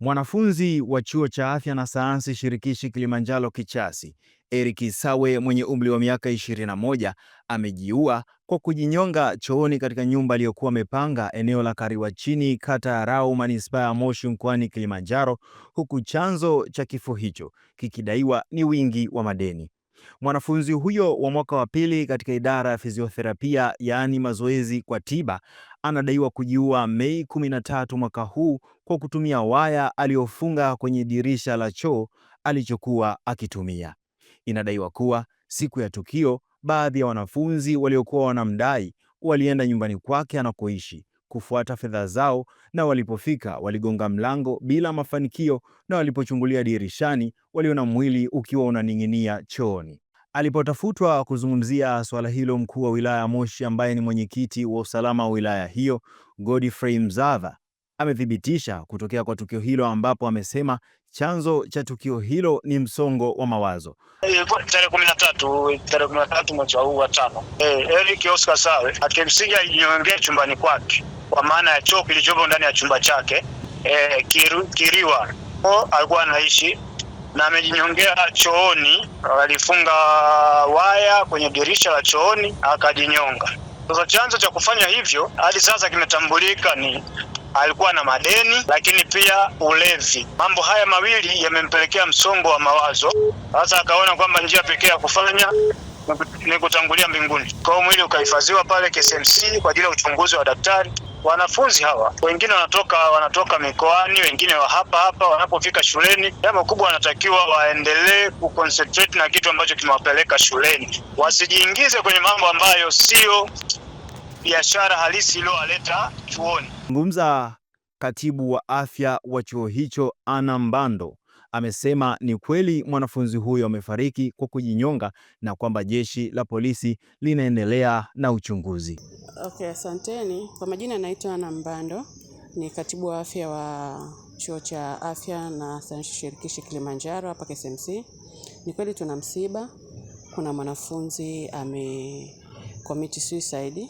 Mwanafunzi wa chuo cha afya na sayansi shirikishi Kilimanjaro Kichasi, Eric Sawe mwenye umri wa miaka 21 amejiua kwa kujinyonga chooni katika nyumba aliyokuwa amepanga eneo la Kariwa Chini, kata ya Rau, manispaa ya Moshi, mkoani Kilimanjaro, huku chanzo cha kifo hicho kikidaiwa ni wingi wa madeni. Mwanafunzi huyo wa mwaka wa pili katika idara ya fizioterapia, yaani mazoezi kwa tiba, anadaiwa kujiua Mei 13 mwaka huu kwa kutumia waya aliyofunga kwenye dirisha la choo alichokuwa akitumia. Inadaiwa kuwa siku ya tukio, baadhi ya wanafunzi waliokuwa wanamdai walienda nyumbani kwake anakoishi kufuata fedha zao, na walipofika waligonga mlango bila mafanikio, na walipochungulia dirishani waliona mwili ukiwa unaning'inia chooni. Alipotafutwa kuzungumzia swala hilo, mkuu wa wilaya ya Moshi ambaye ni mwenyekiti wa usalama wa wilaya hiyo Godfrey Mzava amethibitisha kutokea kwa tukio hilo, ambapo amesema chanzo cha tukio hilo ni msongo wa mawazo. Tarehe kumi na tatu tarehe kumi na tatu mwezi huu wa tano, eh, Eric Oscar Sawe akimsingi ajiongee chumbani kwake kwa maana ya choo kilichopo ndani ya chumba chake e, kiru, kiriwa o, alikuwa anaishi na amejinyongea chooni, alifunga waya kwenye dirisha la chooni akajinyonga. Sasa chanzo cha kufanya hivyo hadi sasa kimetambulika ni alikuwa na madeni, lakini pia ulevi. Mambo haya mawili yamempelekea msongo wa mawazo. Sasa akaona kwamba njia pekee ya kufanya ni kutangulia mbinguni. Kwa hiyo mwili ukahifadhiwa pale KCMC kwa ajili ya uchunguzi wa daktari wanafunzi hawa wengine wanatoka wanatoka mikoani, wengine wa hapa hapa. Wanapofika shuleni, jambo kubwa wanatakiwa waendelee kuconcentrate na kitu ambacho kimewapeleka shuleni, wasijiingize kwenye mambo ambayo sio biashara halisi iliyowaleta chuoni. Zungumza katibu wa afya wa chuo hicho Ana Mbando amesema ni kweli mwanafunzi huyo amefariki kwa kujinyonga na kwamba jeshi la polisi linaendelea na uchunguzi. Okay, asanteni. Kwa majina anaitwa Ana Mbando, ni katibu wa afya wa chuo cha afya na sayansi shirikishi Kilimanjaro hapa KSMC. Ni kweli tuna msiba, kuna mwanafunzi ame commit suicide,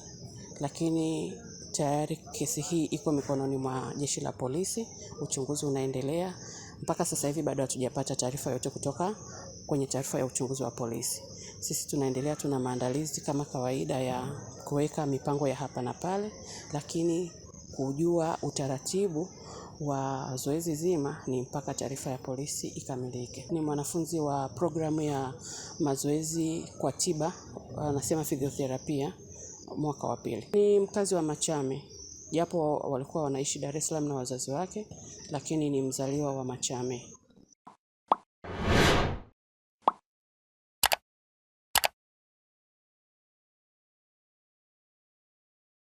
lakini tayari kesi hii iko mikononi mwa jeshi la polisi, uchunguzi unaendelea. Mpaka sasa hivi bado hatujapata taarifa yoyote kutoka kwenye taarifa ya uchunguzi wa polisi. Sisi tunaendelea tuna maandalizi kama kawaida ya kuweka mipango ya hapa na pale, lakini kujua utaratibu wa zoezi zima ni mpaka taarifa ya polisi ikamilike. Ni mwanafunzi wa programu ya mazoezi kwa tiba, anasema physiotherapia, mwaka wa pili. Ni mkazi wa Machame japo walikuwa wanaishi Dar es Salaam na wazazi wake, lakini ni mzaliwa wa Machame.